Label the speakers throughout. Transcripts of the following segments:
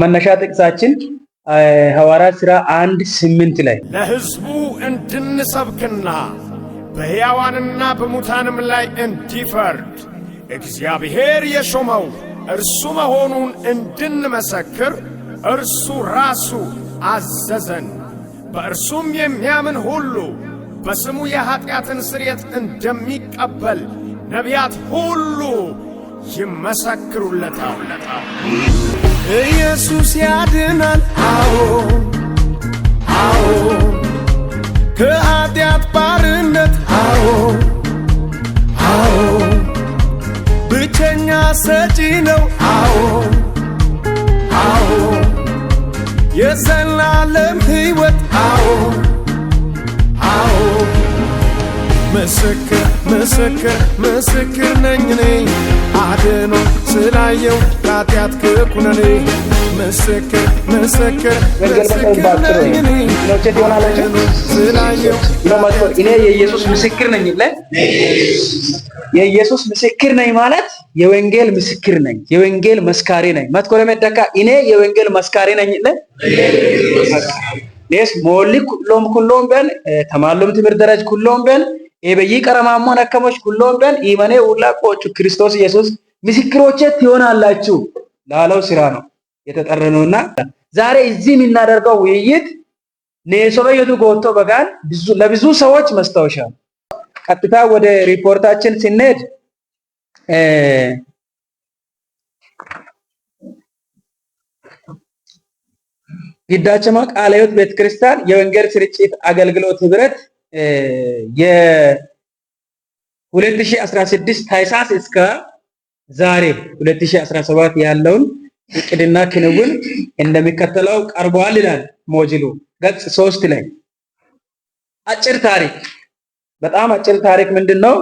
Speaker 1: መነሻ ጥቅሳችን ሐዋርያት ሥራ አንድ ስምንት ላይ
Speaker 2: ለሕዝቡ እንድንሰብክና በሕያዋንና በሙታንም ላይ እንዲፈርድ እግዚአብሔር የሾመው እርሱ መሆኑን እንድንመሰክር እርሱ ራሱ አዘዘን። በእርሱም የሚያምን ሁሉ በስሙ የኀጢአትን ስርየት እንደሚቀበል ነቢያት ሁሉ ይመሰክሩለታል።
Speaker 3: ኢየሱስ ያድናል። አዎ አዎ ከኃጢአት ባርነት አዎ አዎ ብቸኛ ሰጪ ነው። አዎ አዎ የዘላለም ሕይወት አዎ አዎ ምስክር ምስክር ምስክር ነኝ እኔ አድኖ ስላየው ከኃጢአት ክኩነኔ ምስክር ምስክር
Speaker 1: እኔ የኢየሱስ ምስክር ነኝ ይላል። የኢየሱስ ምስክር ነኝ ማለት የወንጌል ምስክር ነኝ፣ የወንጌል መስካሪ ነኝ። መትኮረ መደካ እኔ የወንጌል መስካሪ ነኝ ይላል። ሞሊ ኩሎም ኩሎም በን ተማሎም ትምህርት ደረጅ ኩሎም በን በየቀረማማ ነከሞች ሁሎም ደን ኢመኔ ውላቆቹ ክርስቶስ ኢየሱስ ምስክሮቼ ትሆናላችሁ ላለው ስራ ነው የተጠረነውና ዛሬ እዚህ የምናደርገው ውይይት የዱ ጎቶ በጋን ለብዙ ሰዎች መስታወሻ ነው። ቀጥታ ወደ ሪፖርታችን ስንሄድ ግዳቸማ ቃለ ሕይወት ቤተክርስቲያን የወንጌል ስርጭት አገልግሎት ህብረት የ2016 ታኅሳስ እስከ ዛሬ 2017 ያለውን እቅድና ክንውን እንደሚከተለው ቀርቧል ይላል ሞጅሉ ገጽ ሶስት ላይ አጭር ታሪክ በጣም አጭር ታሪክ ምንድን ነው?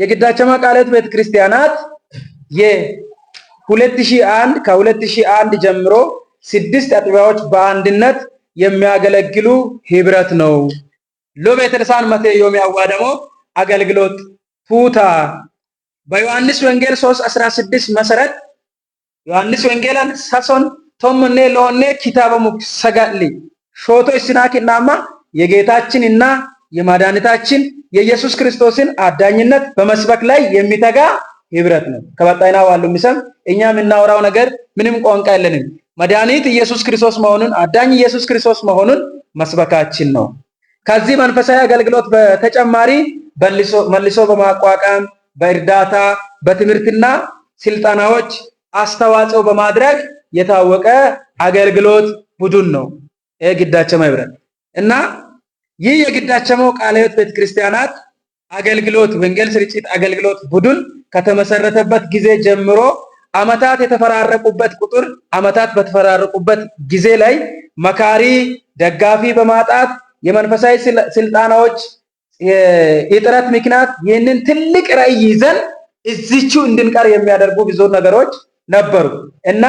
Speaker 1: የግዳቸማ ቃልያት ቤተክርስቲያናት የ2001 ከ2001 ጀምሮ ስድስት አጥቢያዎች በአንድነት የሚያገለግሉ ህብረት ነው። ልሳን መቴ ዮም ያዋደሞ አገልግሎት ፉታ በዮሐንስ ወንጌል 3:16 መሰረት ዮሐንስ ወንጌላን ሳሶን ቶምኔ ለሆነ ኪታበ ሙክሰጋሊ ሾቶ የጌታችን እና የማዳንታችን የኢየሱስ ክርስቶስን አዳኝነት በመስበክ ላይ የሚተጋ ህብረት ነው። ከበጣይና ዋሉ ምሰም እኛ የምናወራው ነገር ምንም ቋንቋ የለንም። መድኃኒት ኢየሱስ ክርስቶስ መሆኑን አዳኝ ኢየሱስ ክርስቶስ መሆኑን መስበካችን ነው። ከዚህ መንፈሳዊ አገልግሎት በተጨማሪ መልሶ በማቋቋም በእርዳታ በትምህርትና ስልጠናዎች አስተዋጽኦ በማድረግ የታወቀ አገልግሎት ቡድን ነው። ይሄ ግዳቸሞ ህብረት እና ይህ የግዳቸሞ ቃለ ሕይወት ቤተክርስቲያናት አገልግሎት ወንጌል ስርጭት አገልግሎት ቡድን ከተመሰረተበት ጊዜ ጀምሮ አመታት የተፈራረቁበት ቁጥር አመታት በተፈራረቁበት ጊዜ ላይ መካሪ ደጋፊ በማጣት የመንፈሳዊ ስልጣናዎች የጥረት ምክንያት ይህንን ትልቅ ራዕይ ይዘን እዚቹ እንድንቀር የሚያደርጉ ብዙ ነገሮች ነበሩ እና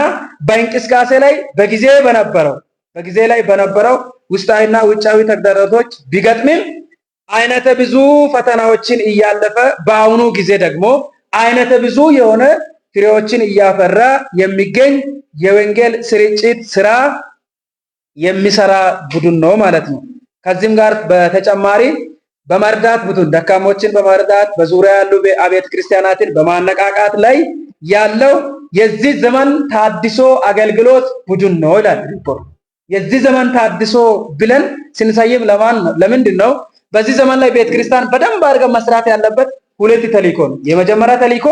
Speaker 1: በእንቅስቃሴ ላይ በጊዜ በነበረው በጊዜ ላይ በነበረው ውስጣዊና ውጫዊ ተግዳሮቶች ቢገጥምም አይነተ ብዙ ፈተናዎችን እያለፈ በአሁኑ ጊዜ ደግሞ አይነተ ብዙ የሆነ ፍሬዎችን እያፈራ የሚገኝ የወንጌል ስርጭት ስራ የሚሰራ ቡድን ነው ማለት ነው። ከዚህም ጋር በተጨማሪ በመርዳት ምቱን ደካሞችን በመርዳት በዙሪያ ያሉ አብያተ ክርስቲያናትን በማነቃቃት ላይ ያለው የዚህ ዘመን ታድሶ አገልግሎት ቡድን ነው ይላል ሪፖርት። የዚህ ዘመን ታድሶ ብለን ስንሰይም ለማን ለምንድን ነው? በዚህ ዘመን ላይ ቤተ ክርስቲያን በደንብ አድርገን መስራት ያለበት ሁለት ተልእኮ ነው። የመጀመሪያ ተልእኮ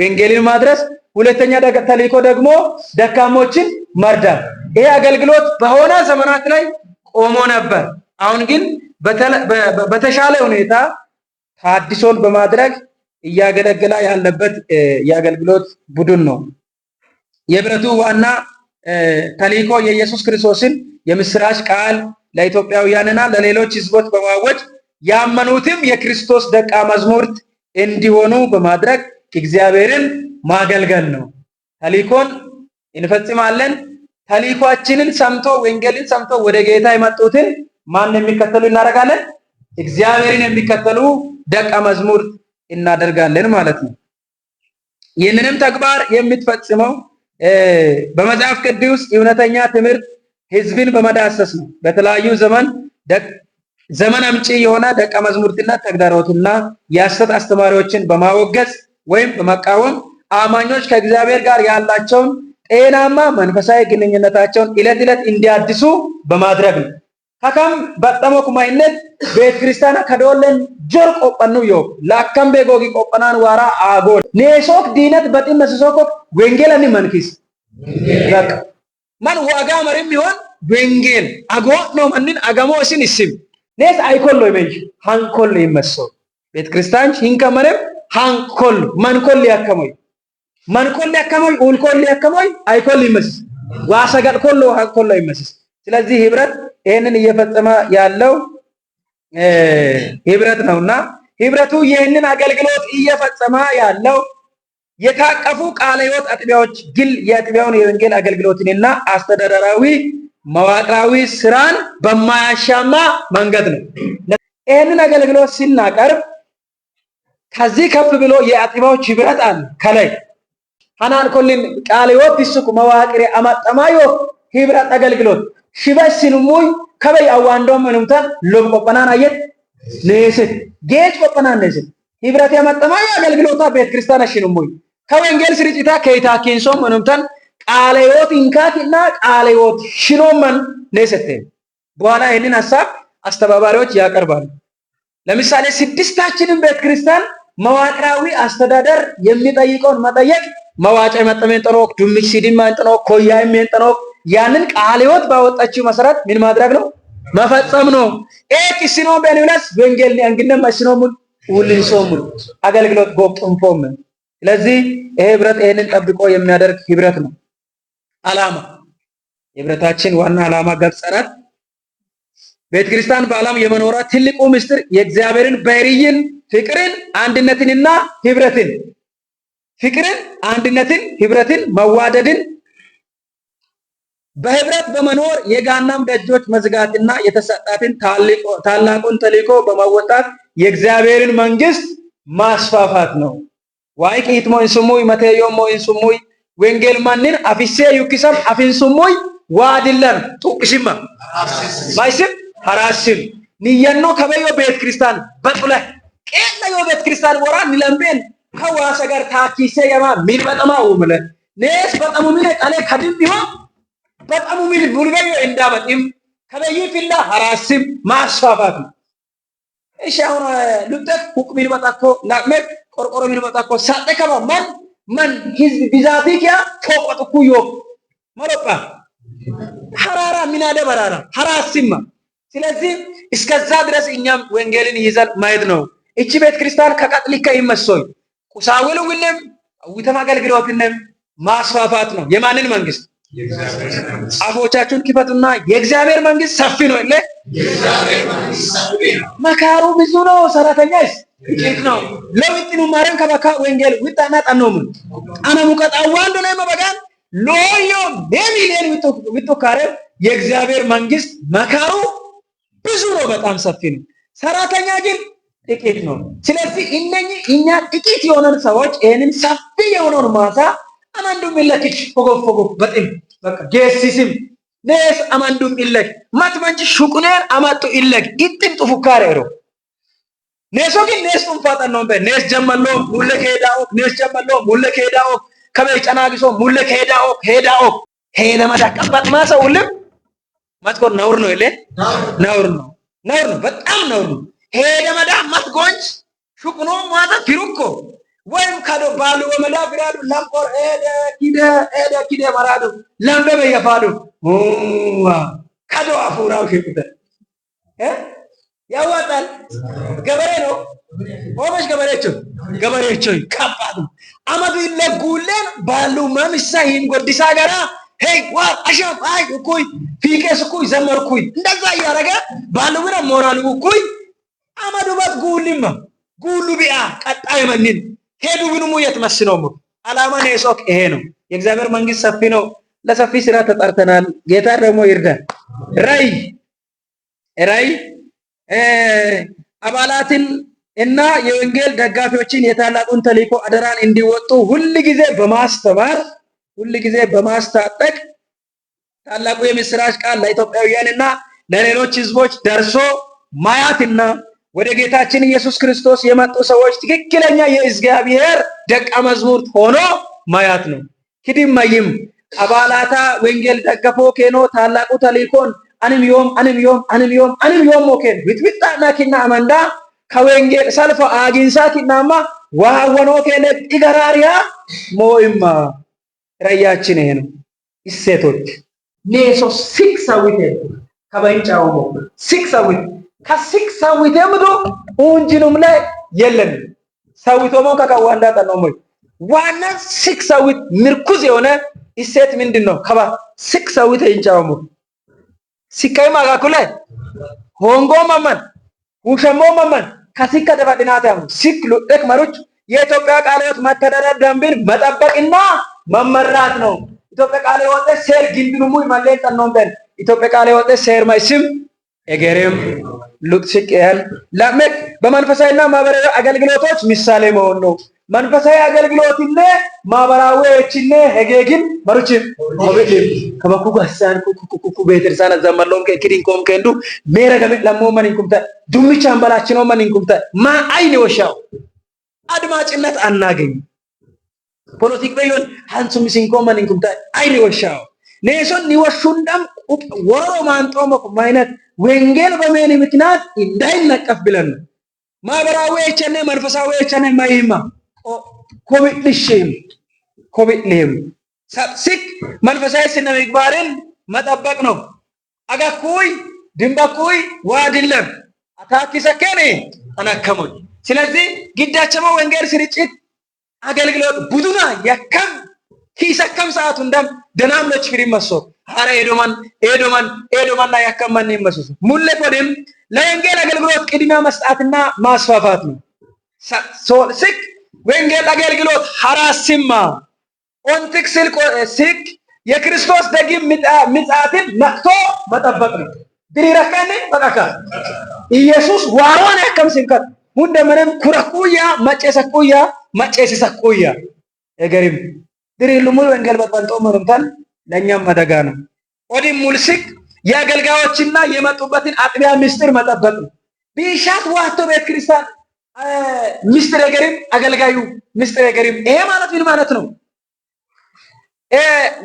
Speaker 1: ወንጌልን ማድረስ፣ ሁለተኛ ተልእኮ ደግሞ ደካሞችን መርዳት። ይሄ አገልግሎት በሆነ ዘመናት ላይ ቆሞ ነበር። አሁን ግን በተሻለ ሁኔታ ታድሶን በማድረግ እያገለገለ ያለበት የአገልግሎት ቡድን ነው። የህብረቱ ዋና ተልእኮ የኢየሱስ ክርስቶስን የምስራች ቃል ለኢትዮጵያውያንና ለሌሎች ህዝቦች በማወጅ ያመኑትም የክርስቶስ ደቀ መዝሙርት እንዲሆኑ በማድረግ እግዚአብሔርን ማገልገል ነው። ተልእኮን እንፈጽማለን። ተልእኳችንን ሰምቶ ወንጌልን ሰምቶ ወደ ጌታ የመጡትን ማን የሚከተሉ እናደርጋለን? እግዚአብሔርን የሚከተሉ ደቀ መዝሙር እናደርጋለን ማለት ነው። ይህንንም ተግባር የምትፈጽመው በመጽሐፍ ቅዱስ እውነተኛ ትምህርት ህዝብን በመዳሰስ ነው። በተለያዩ ዘመን ዘመን አምጪ የሆነ ደቀ መዝሙርትና ተግዳሮትና የሐሰት አስተማሪዎችን በማወገዝ ወይም በመቃወም አማኞች ከእግዚአብሔር ጋር ያላቸውን ጤናማ መንፈሳዊ ግንኙነታቸውን ዕለት ዕለት እንዲያድሱ በማድረግ ነው። Hakam baxxamoo kumaayillee beekiristaana kadoolleen jor qophannu yoo lakkan beekoogi qophanaan waaraa aagool neesook diinat baxinna sisookok wengela ni mankis laqa man waagaa marin mihoon wengel agoo no mannin agamoo isin isim nees aykollo imenju hankollo imesso beekiristaanchi hinkamarem hankollo mankolli akkamoy mankolli akkamoy ulkolli akkamoy aykolli imesis waasagadkollo hankollo imesis ስለዚህ ህብረት ይህንን እየፈጸመ ያለው ህብረት ነውና ህብረቱ ይህንን አገልግሎት እየፈጸመ ያለው የታቀፉ ቃለ ህይወት አጥቢያዎች ግል የአጥቢያውን የወንጌል አገልግሎትንና አስተዳደራዊ መዋቅራዊ ስራን በማያሻማ መንገድ ነው። ይህንን አገልግሎት ስናቀርብ ከዚህ ከፍ ብሎ የአጥቢያዎች ህብረት አለ። ከላይ ሀናን ኮሊን ቃለ ህይወት ይስኩ መዋቅር አማጠማዮ ህብረት አገልግሎት ሽበስንሙይ ከበይ አዋንዶም እንምተን ሎም ቆጠናን አየት ነስት ጌጭ ቆጠናን ነስት ህብረት የመጠማ የአገልግሎታ ቤተ ክርስቲያን አሽንሙይ ከወንጌል ስርጭታ ከይታ ኬንሶም እንምተን ቃለ ሕይወት እንካትና ቃለ ሕይወት ሽኖመን ነስት በኋላ ይህንን ሀሳብ አስተባባሪዎች ያቀርባሉ። ለምሳሌ ስድስታችንን ቤተ ክርስቲያን መዋቅራዊ አስተዳደር የሚጠይቀውን መጠየቅ መዋጫ የመጠመን ጥኖክ ዱምክ ሲዲማ ጥኖክ ኮያ የሚን ጥኖክ ያንን ቃለ ሕይወት ባወጣችው መሰረት ምን ማድረግ ነው? መፈጸም ነው። ኤ ኤክሲኖ በኒውነስ ወንጌል አንግነም ሙሉ ሁሉን ሶሙ አገልግሎት ጎብጥም ፎም። ስለዚህ ይሄ ህብረት ይሄንን ጠብቆ የሚያደርግ ህብረት ነው። አላማ ህብረታችን ዋና አላማ ግብፅ ናት። ቤተክርስቲያን በዓለም የመኖሯ ትልቁ ምስጢር የእግዚአብሔርን ባህሪይን፣ ፍቅርን፣ አንድነትንና ህብረትን ፍቅርን፣ አንድነትን፣ ህብረትን፣ መዋደድን በህብረት በመኖር የጋናም ደጆች መዝጋትና የተሰጣትን ታላቁን ተልእኮ በመወጣት የእግዚአብሔርን መንግስት ማስፋፋት ነው። ስሙይ ኢንሱሙይ መቴዮሞ ስሙይ ወንጌል ማንን አፊሴ ዩኪሰም ስሙይ ዋድለን ጡቅሽማ ማይስም ሀራሽም ንየኖ ከበዮ ቤት ክርስቲያን በጥለ ቄለዮ ቤት ክርስቲያን ወራ ንለምቤን ከዋሰ ጋር ታኪሴ የማ ሚን በጠማ ውምለ ኔስ በጠሙ ሚነ ቀሌ ከድም ቢሆን በጣም ምን ቡልበዩ እንዳመጥም ከበይ ሀራስም ማስፋፋት እሺ። አሁን ልብጠት ቁቅ ቢልመጣ እኮ ናቅመት ቆርቆሮ ቢልመጣ እኮ ሳጠ ከማ ማን ማን ህዝብ ቢዛቲ ኪያ ኩዮ መለጣ ሐራራ ምን በራራ ሀራስም። ስለዚህ እስከዛ ድረስ እኛም ወንጌልን ይዘን ማየት ነው። እቺ ቤተ ክርስቲያን ከቀጥሊካ ይመሶይ ቁሳዊልውንም ውተም አገልግሎትንም ማስፋፋት ነው የማንን መንግስት አፎቻችሁን ክፈቱና የእግዚአብሔር መንግስት ሰፊ ነው። እለ መካሩ ብዙ ነው፣ ሰራተኛስ ጥቂት ነው። ለውጥኑ ማረን ከበካ ወንጌል ውጣና ጠኖሙ አነሙ ቀጣዋንዶ ላይ መበጋን ሎዮ በሚሊዮን ውጡ ካረ የእግዚአብሔር መንግስት መካሩ ብዙ ነው፣ በጣም ሰፊ ነው። ሰራተኛ ግን ጥቂት ነው። ስለዚህ እነኚህ እኛ ጥቂት የሆነን ሰዎች ይህንን ሰፊ የሆነውን ማሳ አማንዱም ኢለኪ ፎጎፎጎ በጤም በቃ ጌሲሲም ኔስ አማንዱም ኢለኪ ማትመንጭ ሹቁኔን አማጡ ኢለኪ ኢጥም ጥፉካሬ ሮ ኔሶ ግን ኔስ ጡንፋጠ ነው በ ኔስ ጀመሎ ሙለ ከሄዳኦ ኔስ ጀመሎ ሙለ ከሄዳኦ ከበይ ጨናግሶ ሙለ ከሄዳኦ ሄዳኦ ሄነ ማዳ ቀባጥ ማሰ ሁሉም ማትኮር ነውር ነው ኢለ ነውር ነው ነውር ነው በጣም ነውር ነው ሄደ ማዳ ማትጎንጅ ሹቁኖ ማታ ፊሩኮ ወይም ከዶ ባሉ ወመዳብራሉ ለምቆር ኤደ ኪደ ኤደ ኪደ መራዱ ለምበ በየፋሉ ከዶ አፉራው ሽቁተ ያዋጣል። ገበሬ ነው ኦመሽ ገበሬቾ ገበሬቾ ከባድ አመዱ ይለጉለን ባሉ መምሳ ይህን ጎዲሳ ገራ ሄይ ዋ አሸፍ አይ እኩይ ፊቄስ እኩይ ዘመርኩይ እንደዛ እያረገ ባሉ ብረ ሞራሉ እኩይ አመዱ በት ጉልማ ጉሉ ቢያ ቀጣይ መንን ሄዱ ግንሙ የት መስኖም አላማ ነው የሶክ ይሄ ነው። የእግዚአብሔር መንግስት ሰፊ ነው። ለሰፊ ስራ ተጠርተናል። ጌታ ደግሞ ይርዳ ራይ ራይ አባላትን እና የወንጌል ደጋፊዎችን የታላቁን ተልእኮ አደራን እንዲወጡ ሁል ጊዜ በማስተማር ሁል ጊዜ በማስታጠቅ ታላቁ የምስራች ቃል ለኢትዮጵያውያንና ለሌሎች ህዝቦች ደርሶ ማያትና ወደ ጌታችን ኢየሱስ ክርስቶስ የመጡ ሰዎች ትክክለኛ የእግዚአብሔር ደቀ መዝሙርት ሆኖ ማያት ነው። ኪድመይም አባላታ ወንጌል ደገፎ ኬኖ ታላቁ ተሊኮን አንም አንምዮም አንም አንምዮም ሞኬን ዊትዊጣና ናኪና አመንዳ ከወንጌል ሰልፎ አጊንሳ ኪናማ ዋወኖ ኬነ ጥገራሪያ ሞይማ ራያችን ነው። እሴቶች ኔሶ ሲክሳዊቴ ከበንጫው ሲክሳዊቴ ከሲክ ሰዊቴ ምዶ ኡንጂኑም ላይ የለም ሰዊቶ ሞን ከካ ዋንዳ ጠነው ሞይ ዋና ሲክ ሰዊት ምርኩዝ የሆነ እሴት ምንድን ነው? ከባ ሲክ ሰዊቴ እንጫውሙ ሲካይ ማጋኩለ ሆንጎ መመን ውሸሞ መመን ከሲክ ከደባድናት ያሙ ሲክ ሉደክ መሮች የኢትዮጵያ ቃለ ሕይወት መተዳደሪያ ደንብን መጠበቅና መመራት ነው። ኢትዮጵያ ቃለ ሕይወት ሴር ግንድኑሙ ይማሌን ጠነው ኢትዮጵያ ቃለ ሕይወት ሴር ማይስም እግርም ሉጥስቅ ያህል ለመክ በመንፈሳዊና ማህበራዊ አገልግሎቶች ምሳሌ መሆን ነው። መንፈሳዊ አገልግሎትነ ማህበራዊዎችነ ሄጌግን መሩችም ሆብልም ከበኩ ጋሳን ኩኩኩኩ ቤትርሳን ዘመሎም ከኪዲን ኮም ከንዱ ሜረ ደም ለሞ መንንኩምተ ዱምቻን በላችኖ መንንኩምተ ማ አይኔ ወሻው አድማጭነት አናገኝ ፖለቲክ በይሁን ሀንሱ ሚሲንኮ መንንኩምተ አይኔ ወሻው ኔሶን ኒወሹንዳም ወሮ ማንጦ ማይነት ወንጌል በመኒ ምክንያት እንዳይነቀፍ ብለን ነው። ማህበራዊ ቸነ መንፈሳዊ ቸነ ማይማ ኮቪድ ኮሚትኔም ሰብስክ መንፈሳዊ ስነ ምግባርን መጠበቅ ነው። አጋኩይ ድንበኩይ ዋድለም ሰከኔ ተነከሙኝ። ስለዚህ ግዳቸመ ወንጌል ስርጭት አገልግሎት ቡዱና የከም ኪሰከም ሰዓቱ እንደም ደናምነች ፍሪ መሶብ ሐረ ኤዶማን ኤዶማን ኤዶማና ያከማን ነው የሚመስሉ ሙሌ ቆዲም ለወንጌል አገልግሎት ቅድሚያ መስጣትና ማስፋፋት ነው። ስክ ወንጌል አገልግሎት ሐራሲማ ኦንቲክ ስክ የክርስቶስ ዳግም ምጽአትን ነቅቶ መጠበቅ ነው። ድሪረከን በቃካ ኢየሱስ ዋሮን ያከም ሲንከት ሁንደምንም ኩረኩያ መጨሰኩያ መጨሰሰኩያ እገሪም ድሪሉ ሙሉ ወንጌል በጠንጦ መርምታል ለእኛም አደጋ ነው። ኦዲም ሙልሲክ የአገልጋዮችና የመጡበትን አጥቢያ ምስጢር መጠበቅ ነው። ቢሻት ዋህቶ ቤተ ክርስቲያን ምስጢር የገሪም አገልጋዩ ምስጢር የገሪም ይሄ ማለት ምን ማለት ነው?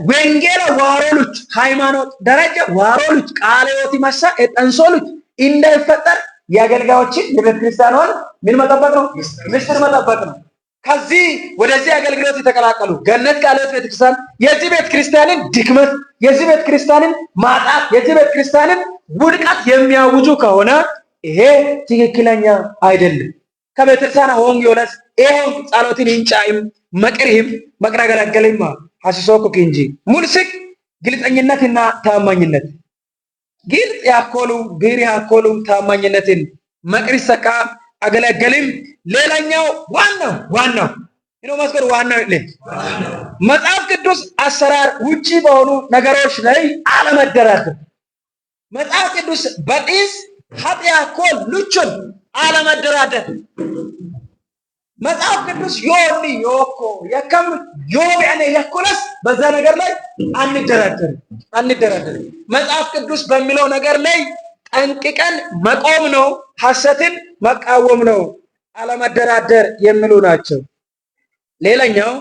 Speaker 1: ወንጌል ዋሮሉች ሃይማኖት ደረጃ ዋሮሉች ቃለዮት ይመሳ ጠንሶሉች እንዳይፈጠር የአገልጋዮችን የቤተክርስቲያኗን ምን መጠበቅ ነው? ምስጢር መጠበቅ ነው። ከዚህ ወደዚህ አገልግሎት የተቀላቀሉ ገነት ቃለ ሕይወት ቤተክርስቲያን የዚህ ቤተ ክርስቲያንን ድክመት፣ የዚህ ቤተ ክርስቲያንን ማጣት፣ የዚህ ቤተ ክርስቲያንን ውድቀት የሚያውጁ ከሆነ ይሄ ትክክለኛ አይደለም። ከቤተክርስቲያን ሆን ዮለስ ይሄን ጸሎትን ይንጫይም መቅሪም መቅረገለገልም ሀሲሶ ኩኪ እንጂ ሙልስክ ግልጠኝነትና ታማኝነት ግልጥ ያኮሉ ቢሪ ያኮሉ ታማኝነትን መቅሪ ሰቃ አገለገልን። ሌላኛው ዋናው ዋናው ይሄ መስገድ ዋናው መጽሐፍ ቅዱስ አሰራር ውጪ በሆኑ ነገሮች ላይ አለመደራደር። መጽሐፍ ቅዱስ በጢስ ኃጢያ ኮል ሉቹን አለመደራደር። መጽሐፍ ቅዱስ ዮኒ ዮኮ የከም ዮቢያኔ የኩለስ በዛ ነገር ላይ አንደራደር አንደራደር። መጽሐፍ ቅዱስ በሚለው ነገር ላይ ጠንቅቀን መቆም ነው። ሐሰትን መቃወም ነው። አለመደራደር የሚሉ ናቸው። ሌላኛው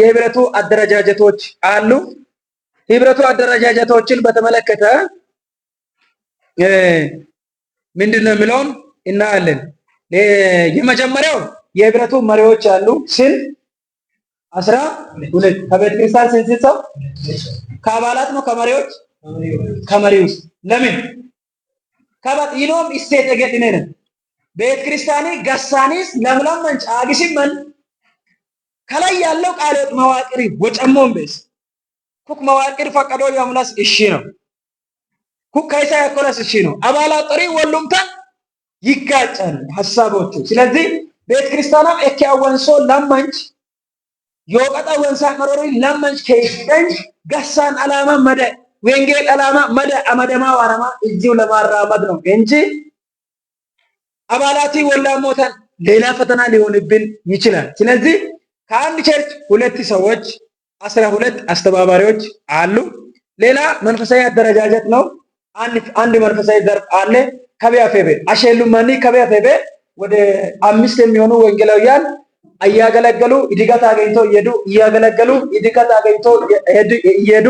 Speaker 1: የህብረቱ አደረጃጀቶች አሉ። ህብረቱ አደረጃጀቶችን በተመለከተ ምንድን ነው የሚለውን እናያለን። የመጀመሪያው የህብረቱ መሪዎች አሉ ስን አስራ ሁለት ከቤተ ክርስቲያን ስንት ሰው ከአባላት ነው? ከመሪዎች ከመሪውስ ለምን ከበጢኖም ኢስቴ ተገድነን ቤተ ክርስቲያኔ ገሳኔስ ለምለመን ጫግሽመን ከላይ ያለው ቃሎት መዋቅሪ ወጨሞን ቤስ ኩክ መዋቅር ፈቀዶ ያምላስ እሺ ነው። ኩክ ከይሳ ያኮላስ እሺ ነው። አባላ ጥሪ ወሉምታ ይጋጫሉ ሐሳቦቹ። ስለዚህ ቤተ ክርስቲያና እኪ አወንሶ ለመንች የወቀጣ ወንሳ መሮሪ ለመንች ከይደንች ገሳን አላማ መደ ወንጌል ዓላማ መደማ ዋናማ እዚሁ ለማራመድ ነው እንጂ አባላት ወላሞተን ሌላ ፈተና ሊሆንብን ይችላል። ስለዚህ ከአንድ ቸርች ሁለት ሰዎች አስራ ሁለት አስተባባሪዎች አሉ። ሌላ መንፈሳዊ አደረጃጀት ነው። አንድ መንፈሳዊ ዘርፍ አለ። ከቢያ ፌቤ አሸሉማኒ ከቢያ ፌቤ ወደ አምስት የሚሆኑ ወንጌላውያን እያገለገሉ እድገት አገኝቶ እየሄዱ እያገለገሉ እድገት አገኝቶ እየሄዱ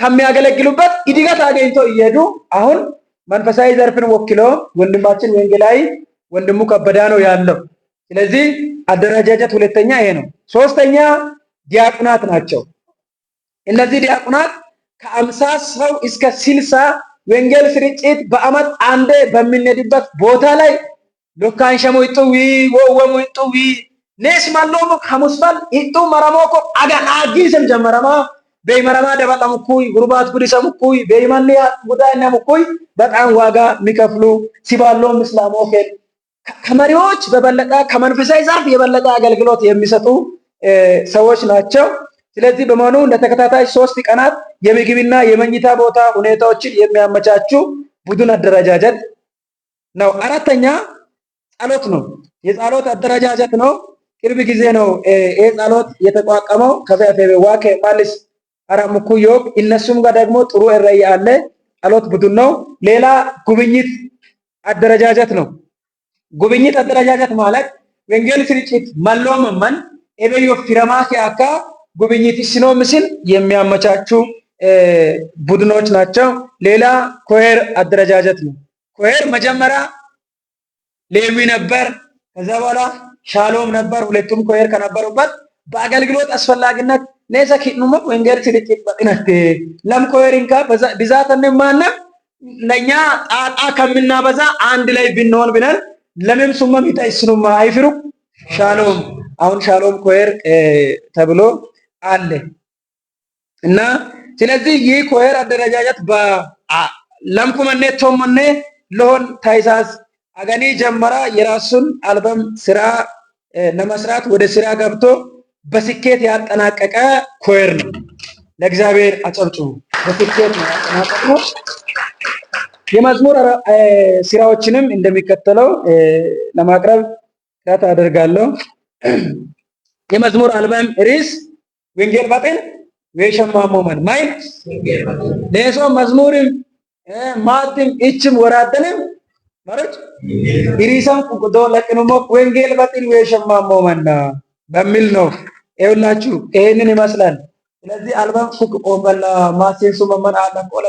Speaker 1: ከሚያገለግሉበት እድገት አገኝቶ እየሄዱ አሁን መንፈሳዊ ዘርፍን ወክሎ ወንድማችን ወንጌላዊ ወንድሙ ከበዳ ነው ያለው። ስለዚህ አደረጃጀት ሁለተኛ ይሄ ነው። ሶስተኛ ዲያቁናት ናቸው። እነዚህ ዲያቁናት ከአምሳ ሰው እስከ ስልሳ ወንጌል ስርጭት በአመት አንዴ በሚነድበት ቦታ ላይ ሎካንሸሞ ይጡዊ ወወሙ ይጡዊ ኔስ ማሎሙ ከሙስፋል ይጡ መረሞኮ አጋ አጊዝም ጀመረማ በይመረማ ደበቀም እኩይ ጉርባት ጉዲሰም እኩይ በይመል ጉዳይናም እኩይ በጣም ዋጋ የሚከፍሉ ሲባሎም እስላሞ ከመሪዎች በበለጠ ከመንፈሳዊ ዘርፍ የበለጠ አገልግሎት የሚሰጡ ሰዎች ናቸው። ስለዚህ በመሆኑ ለተከታታይ ሶስት ቀናት የምግብና የመኝታ ቦታ ሁኔታዎችን የሚያመቻቹ ቡድን አደረጃጀት ነው። አራተኛ ጸሎት ነው። የጸሎት አደረጃጀት ነው። ቅርብ ጊዜ ነው ይህ ጸሎት የተቋቋመው ከዚያ ዋቄ ማልስ አራሙኩ ዮግ እነሱም ጋር ደግሞ ጥሩ እረያ አለ። ጸሎት ቡድን ነው። ሌላ ጉብኝት አደረጃጀት ነው። ጉብኝት አደረጃጀት ማለት ወንጌል ስርጭት መሎመመን ኤበዮ ፊረማ ከአካ ጉብኝት ሲኖ ምስል የሚያመቻቹ ቡድኖች ናቸው። ሌላ ኮሄር አደረጃጀት ነው። ኮሄር መጀመሪያ ሌዊ ነበር። ከዛ በኋላ ሻሎም ነበር። ሁለቱም ኮሄር ከነበሩበት በአገልግሎት አስፈላጊነት Nesa kidnuma Wenger sirichitti baqinatte ለም ኮሄሪንካ ብዛት እንማና ለኛ ጣጣ ከምናበዛ አንድ ላይ ብንሆን ብለን ለምም ሱማ ሚጠይስኑማ አይፍሩ ሻሎም አሁን ሻሎም ኮሄር ተብሎ አለ እና ስለዚህ ይህ ኮሄር አደረጃጀት ለምኩመኔ ቶመኔ ለሆን ታይሳስ አገኒ ጀመራ የራሱን አልበም ስራ ለመስራት ወደ ስራ ገብቶ በስኬት ያጠናቀቀ ኮየር ነው። ለእግዚአብሔር አጨብጭቡ። በስኬት ነው ያጠናቀቀው። የመዝሙር ስራዎችንም እንደሚከተለው ለማቅረብ ጥረት አደርጋለሁ። የመዝሙር አልበም ርዕስ ወንጌል ባጤን ወይሸማሞ መን ማይ ለሶ መዝሙርም ማትም እችም ወራደንም ማለት ኢሪሳም ቁዶ ለቅኑሞ ወንጌል ባጤን ወይሸማሞ መን በሚል ነው። ይኸውላችሁ ይሄንን ይመስላል። ስለዚህ አልባን ፉቅ ቆበላ ማሴሱ መመን አለ ቆለ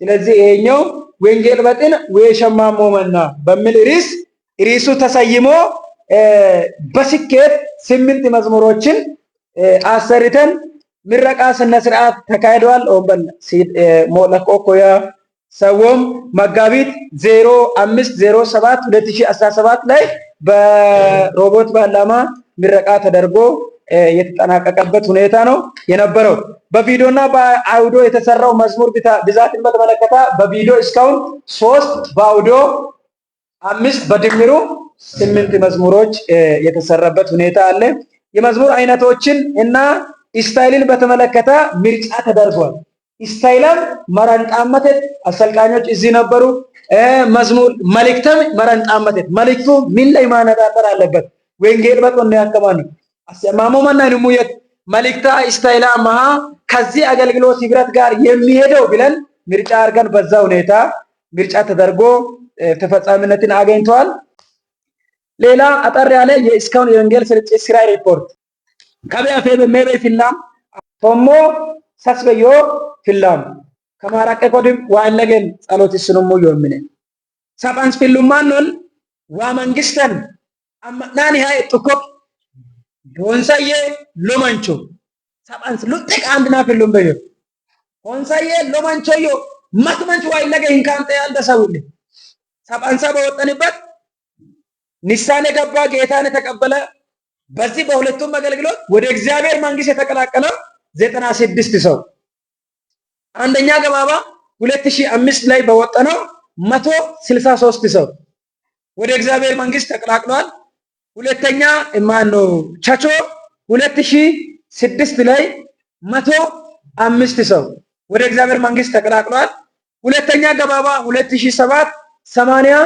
Speaker 1: ስለዚህ ይሄኛው ወንጌል በጥን ወሸማ ሞመና በሚል ርዕስ ርዕሱ ተሰይሞ በስኬት ስምንት መዝሙሮችን አሰርተን ምረቃ ስነ ስርዓት ተካሂደዋል። ኦንበል ሞለቆ ኮያ ሰዎም መጋቢት 0507 2017 ላይ በሮቦት ባላማ ምረቃ ተደርጎ የተጠናቀቀበት ሁኔታ ነው የነበረው። በቪዲዮና በአውዶ የተሰራው መዝሙር ብዛትን በተመለከተ በቪዲዮ እስካሁን ሶስት በአውዶ አምስት በድምሩ ስምንት መዝሙሮች የተሰራበት ሁኔታ አለ። የመዝሙር አይነቶችን እና ስታይልን በተመለከተ ምርጫ ተደርጓል። ስታይልም መረንጣመት አሰልጣኞች እዚህ ነበሩ። መዝሙር መልእክተም መረንጣመተት መልእክቱ ምን ላይ ማነጣጠር አለበት? ወንጌል በቆን ያከማኑ ማሞመና ንሙየት መልእክታ ኢስታይላ መሀ ከዚህ አገልግሎት ህብረት ጋር የሚሄደው ብለን ምርጫ አድርገን በዛ ሁኔታ ምርጫ ተደርጎ ተፈጻሚነትን አገኝተዋል። ሌላ አጠር ያለ የእስካሁን የወንጌል ስርጭት ስራ ሪፖርት ከቢያፌ በሜቤ ፊላም ቶሞ ሰስበዮ ፊላም ከማራቀ ቆድም ዋለገን ጸሎት ስኑሙ ዮምነ ሰባንስ ፊሉማኖን ዋመንግስተን አመናን ሃይ ጥኮፕ ዶንሳዬ ሎማንቾ ሳባንስ ሉጥቅ አንድ ናፍ ሎምበዮ ሆንሳዬ ሎማንቾዮ ማክመንች ዋይ ነገ ሂንካንተ ያልደሰቡል ሰባንሳ በወጠንበት ኒሳን የገባ ጌታን የተቀበለ በዚህ በሁለቱም አገልግሎት ወደ እግዚአብሔር መንግስት የተቀላቀለው ዘጠና ስድስት ሰው አንደኛ ገባባ ሁለት ሺህ አምስት ላይ በወጠነው መቶ ስልሳ ሶስት ሰው ወደ እግዚአብሔር መንግስት ተቀላቅሏል። ሁለተኛ ማነው ቻቾ ሁለት ሺህ ስድስት ላይ መቶ አምስት ሰው ወደ እግዚአብሔር መንግስት ተቀላቅሏል። ሁለተኛ ገባባ ሁለት ሺህ ሰባት ሰማንያ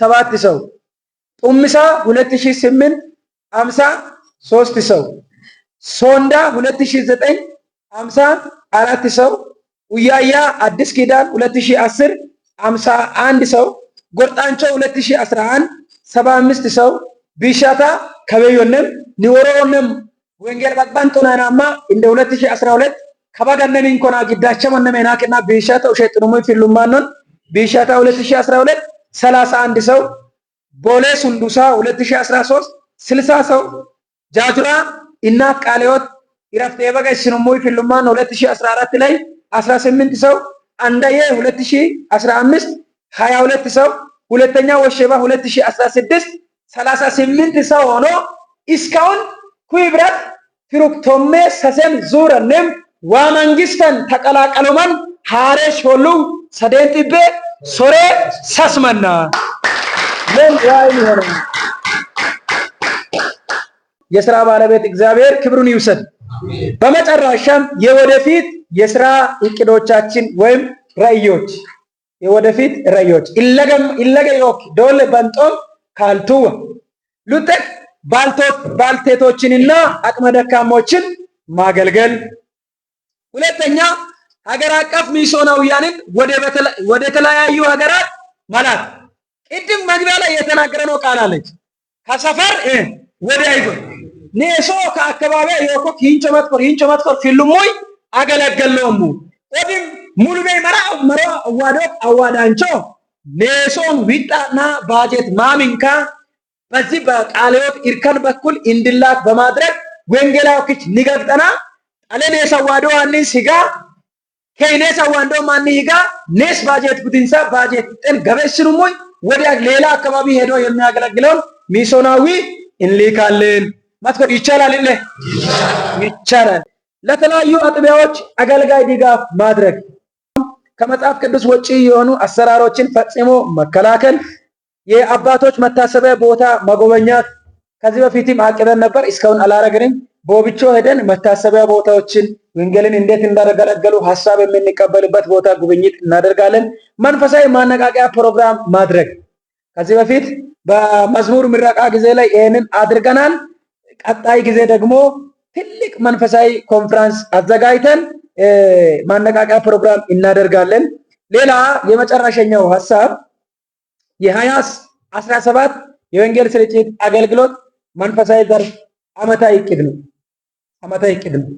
Speaker 1: ሰባት ሰው ጡምሳ ሁለት ሺህ ስምንት አምሳ ሶስት ሰው ሶንዳ ሁለት ሺህ ዘጠኝ አምሳ አራት ሰው ውያያ አዲስ ኪዳን ሁለት ሺህ አስር አምሳ አንድ ሰው ጎርጣንቾ ሁለት ሺህ አስራ አንድ ሰባ አምስት ሰው ቢሻታ ከበዮንም ኒወሮንም ወንጌል ቀባንጦናናማ እንደ 2012 ከበገነን እንኮና ግዳቸ መነመናቅና ቢሻታ ሸጥኑሙ ፊሉማኖን ቢሻታ 2012 31 ሰው ቦሌ ሱንዱሳ 2013 60 ሰው ጃጁራ እናት ቃለዮት ይረፍቴ በገሽ ፊሉማን 2014 ላይ 18 ሰው አንዳዬ 2015 22 ሰው ሁለተኛ ወሸባ 2016 ሰላሳ ስምንት ሰው ሆኖ እስካሁን ኩብረት ፍሩክቶሜ ሰሴም ዙረንም ዋመንግስተን ተቀላቀሉመን ሀሬ ሾሉ ሰደን ጥቤ ሶሬ ሰስመና ምን ዋይ ሆነ የስራ ባለቤት እግዚአብሔር ክብሩን ይውሰድ። በመጨረሻም የወደፊት የስራ እቅዶቻችን ወይም ራዕዮች የወደፊት ራዕዮች ኢለገ ኢለገ ዮክ ዶለ በንጦም ካልቱወ ሉጠት ባልቴቶችንና አቅመ ደካሞችን ማገልገል። ሁለተኛ ሀገር አቀፍ ሚስዮናውያንን ወደ ተለያዩ ሀገራት መላክ። ቅድም መግቢያ ላይ የተናገረነው ቃል አለች ከሰፈር ወደ አይዞን ኔሶ ከአካባቢ የኮክ ሂንጮ መጥቆር ሂንጮ መጥቆር ፊልሙይ አገለገለውሙ ኦዲም ሙሉ ቤ መራ መሮ አዋዶ አዋዳንቾ ሜሶን ዊጣና ባጀት ማሚንካ በዚህ በቃለዮት እርከን በኩል እንድላክ በማድረግ ወንጌላውክች ንገብጠና ጠለኔ ሰዋዶ አኒ ሲጋ ከኔ ሰዋንዶ ማኒ ሂጋ ኔስ ባጀት ጉድንሳ ባጀት ጥን ገበስኑ ሙይ ወዲያ ሌላ አካባቢ ሄዶ የሚያገለግለውን ሚሶናዊ እንልካለን። ማትኮ ይቻላል ይቻላል። ለተለያዩ አጥቢያዎች አገልጋይ ድጋፍ ማድረግ ከመጽሐፍ ቅዱስ ውጪ የሆኑ አሰራሮችን ፈጽሞ መከላከል፣ የአባቶች መታሰቢያ ቦታ መጎበኛት ከዚህ በፊትም አቅደን ነበር፣ እስካሁን አላረግንም። በብቾ ሄደን መታሰቢያ ቦታዎችን ወንጌልን እንዴት እንዳገለገሉ ሀሳብ የምንቀበልበት ቦታ ጉብኝት እናደርጋለን። መንፈሳዊ ማነቃቂያ ፕሮግራም ማድረግ ከዚህ በፊት በመዝሙር ምረቃ ጊዜ ላይ ይህንን አድርገናል። ቀጣይ ጊዜ ደግሞ ትልቅ መንፈሳዊ ኮንፈረንስ አዘጋጅተን ማነቃቂያ ፕሮግራም እናደርጋለን። ሌላ የመጨረሻኛው ሀሳብ የሀያ አስራ ሰባት የወንጌል ስርጭት አገልግሎት መንፈሳዊ ዘርፍ አመታዊ እቅድ ነው። አመታዊ እቅድ ነው።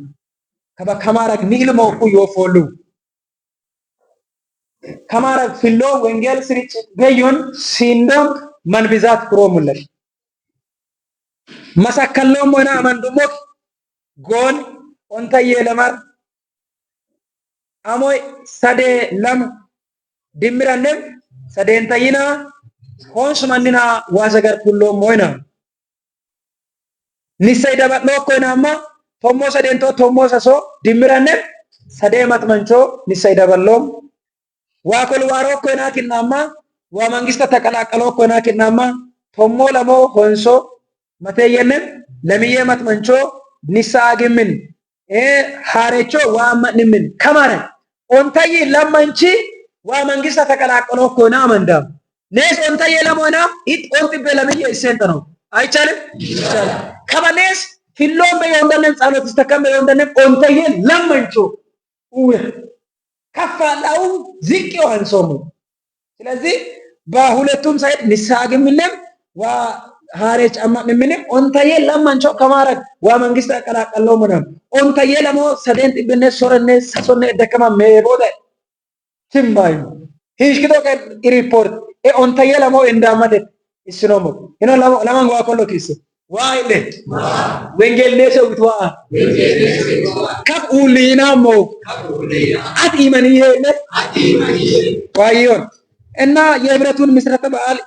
Speaker 1: ከማረግ ሚል መውቁ ይወፎሉ ከማረግ ፍሎ ወንጌል ስርጭት ገዩን ሲንዶም መንብዛት ክሮሙለሽ መሳከለው ሆነ አመንዱሞክ ጎን ኦንተዬ ለማር amoy sadee lama dimmirannem sadeentayina koonsumannina waasagar kulloommoyna nissay daballookkoynaamma tommoo sadeentoo tommoo sasoo dimmirannem sadee matmanchoo nissay daballoom waa kolwaarookkooynaa kinnaamma wa mangista takala taqalaaqalookkooynaa kinnaamma tommoo lamoo honso mateeyyennem lamiyyee matmanchoo nissa agimmin haareechoo waa amma'nimmin kamare ኦንተይ ለመንቺ ዋ መንግስተ ተቀላቀሎ ኮና መንዳ ኔስ ኦንተይ ለሞና ኢት ኦንት በለምየ ይሰንተ ነው አይቻልም። ከበኔስ ፊሎም በየወንደነን ጻሎት ተከም በየወንደነን ኦንተይ ለመንቹ ኡየ ከፋላው ዝቅ ይሆን ሶሙ ስለዚህ በሁለቱም ሳይድ ንሳግም ለም ሀሬ ጫማ ምምን ኦንታዬ ለማንቸው ከማረግ ዋ መንግስት አቀላቀለው ምናም ኦንታዬ ለሞ ሰደን ጥብነ ሶረነ ሰሶነ ደከማ ሜቦደ ትምባይ ሂሽክቶ ከ ሪፖርት ኤ ኦንታዬ ለሞ እንዳመደ እስኖሞ ይኖ ለማን ዋ ኮሎ ኪስ ዋ ወንጌል ነሰ ውትዋ ካብ ኡሊና ሞ አት ኢመንዬ ነት ዋዮን እና የህብረቱን ምስረተ በዓል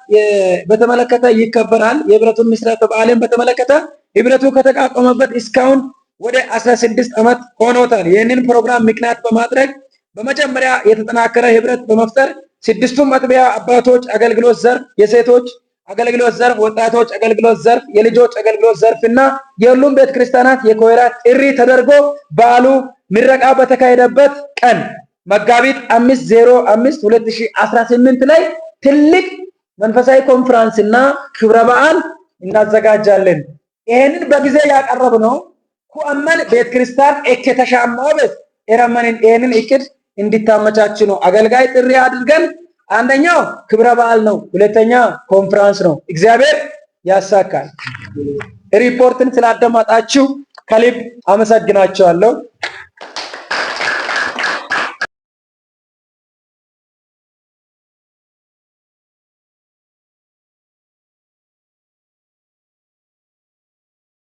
Speaker 1: በተመለከተ ይከበራል። የህብረቱን ምስረተ በዓልን በተመለከተ ህብረቱ ከተቋቋመበት እስካሁን ወደ 16 ዓመት ሆኖታል። ይህንን ፕሮግራም ምክንያት በማድረግ በመጀመሪያ የተጠናከረ ህብረት በመፍጠር ስድስቱም መጥቢያ አባቶች አገልግሎት ዘርፍ፣ የሴቶች አገልግሎት ዘርፍ፣ ወጣቶች አገልግሎት ዘርፍ፣ የልጆች አገልግሎት ዘርፍ እና የሁሉም ቤተ ክርስቲያናት ጥሪ ተደርጎ በዓሉ ምረቃ በተካሄደበት ቀን መጋቢት 5052018 ላይ ትልቅ መንፈሳዊ ኮንፈረንስ እና ክብረ በዓል እናዘጋጃለን። ይህንን በጊዜ ያቀረብ ነው ኩአመን ቤተ ክርስቲያን ኤኬ ተሻማበት ኤረመንን ይህንን እቅድ እንዲታመቻች ነው አገልጋይ ጥሪ አድርገን አንደኛው ክብረ በዓል ነው፣ ሁለተኛ ኮንፈረንስ ነው። እግዚአብሔር ያሳካል። ሪፖርትን ስላደማጣችሁ ከልብ አመሰግናችኋለሁ።